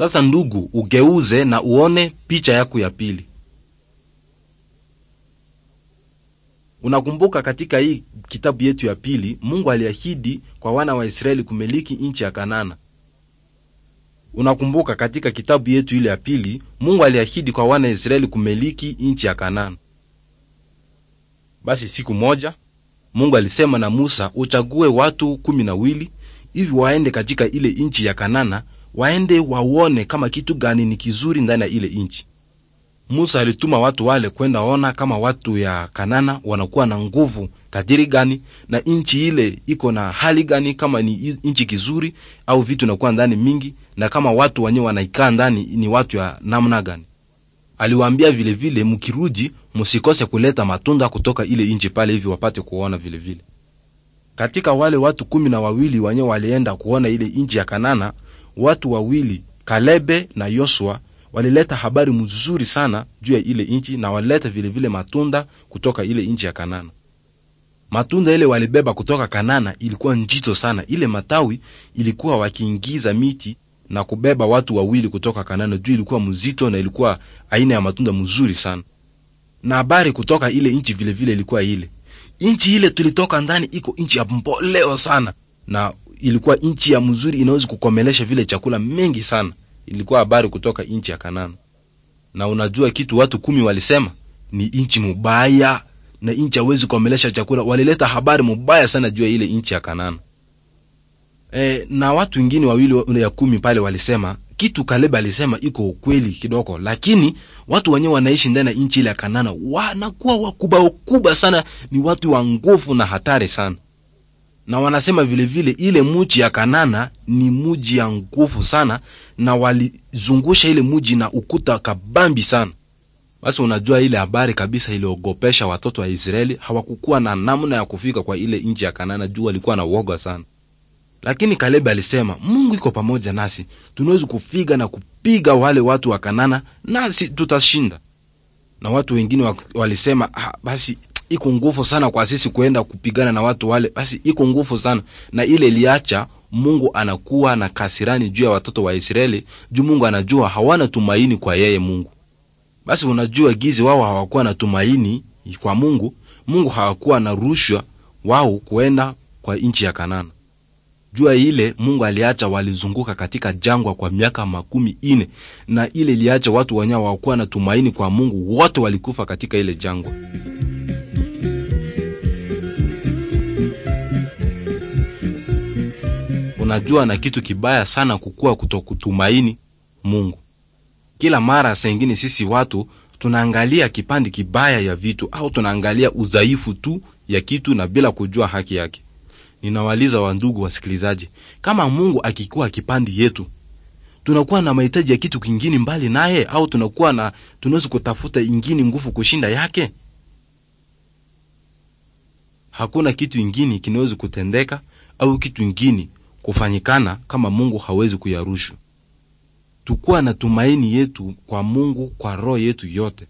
Sasa ndugu, ugeuze na uone picha yako ya pili. Unakumbuka katika hii kitabu yetu ya pili, Mungu aliahidi kwa wana wa Israeli kumiliki nchi ya Kanana. Unakumbuka katika kitabu yetu ile ya pili, Mungu aliahidi kwa wana wa Israeli kumiliki nchi ya Kanana. Basi siku moja Mungu alisema na Musa, uchague watu kumi na wili hivi waende katika ile nchi ya Kanana waende waone kama kitu gani ni kizuri ndani ya ile nchi. Musa alituma watu wale kwenda ona kama watu ya Kanana wanakuwa na nguvu kadiri gani na nchi ile iko na hali gani, kama ni nchi kizuri au vitu nakuwa ndani mingi, na kama watu wenyewe wanaikaa ndani ni watu ya namna gani. Aliwaambia vilevile, mkirudi musikose kuleta matunda kutoka ile nchi pale, hivi wapate kuona vilevile. Katika wale watu kumi na wawili wenyewe walienda kuona ile nchi ya Kanana, watu wawili Kalebe na yosua walileta habari mzuri sana juu ya ile nchi na walileta vilevile matunda kutoka ile nchi ya Kanana. Matunda ile walibeba kutoka Kanana ilikuwa njito sana. Ile matawi ilikuwa wakiingiza miti na kubeba watu wawili kutoka Kanana juu ilikuwa mzito na ilikuwa aina ya matunda mzuri sana. Na habari kutoka ile nchi vilevile ilikuwa ile nchi ile tulitoka ndani iko nchi ya mboleo sana, na ilikuwa nchi ya mzuri inaweza kukomelesha vile chakula mengi sana. Ilikuwa habari kutoka nchi ya Kanana. Na unajua kitu watu kumi walisema ni nchi mubaya na nchi hawezi kukomelesha chakula. Walileta habari mubaya sana juu ya ile nchi ya Kanana. E, na watu wengine wawili ya kumi pale walisema kitu kaleba alisema iko ukweli kidogo, lakini watu wenyewe wanaishi ndani ya nchi ile ya Kanana wanakuwa wakubwa wakubwa sana, ni watu wa nguvu na hatari sana na wanasema vilevile vile, ile muji ya Kanana ni muji ya nguvu sana, na walizungusha ile muji na ukuta kabambi sana. Basi unajua ile habari kabisa iliogopesha watoto wa Israeli, hawakukuwa na namna ya kufika kwa ile nchi ya Kanana juu walikuwa na uoga sana. Lakini Kalebi alisema, Mungu iko pamoja nasi, tunawezi kufiga na kupiga wale watu wa Kanana nasi tutashinda. Na watu wengine walisema, ah, basi iko nguvu sana kwa sisi kuenda kupigana na watu wale, basi iko nguvu sana na ile liacha Mungu anakuwa na kasirani juu ya watoto wa Israeli, juu Mungu anajua hawana tumaini kwa yeye Mungu. Basi unajua gizi wao hawakuwa na tumaini kwa Mungu, Mungu hawakuwa na rushwa wao kuenda kwa nchi ya Kanana. Jua ile Mungu aliacha walizunguka katika jangwa kwa miaka makumi ine, na ile iliacha watu wenye hawakuwa na tumaini kwa Mungu, wote walikufa katika ile jangwa. mm -hmm. unajua na kitu kibaya sana kukua kutokutumaini Mungu. Kila mara sengine sisi watu tunaangalia kipande kibaya ya vitu au tunaangalia udhaifu tu ya kitu na bila kujua haki yake. Ninawaliza wandugu wasikilizaji, kama Mungu akikuwa kipandi yetu, tunakuwa na mahitaji ya kitu kingine mbali naye, au tunakuwa na tunaweza kutafuta ingine nguvu kushinda yake? Hakuna kitu ingine kinaweza kutendeka au kitu ingine kufanyikana kama Mungu hawezi kuyarushu. Tukuwa na tumaini yetu kwa Mungu kwa roho yetu yote,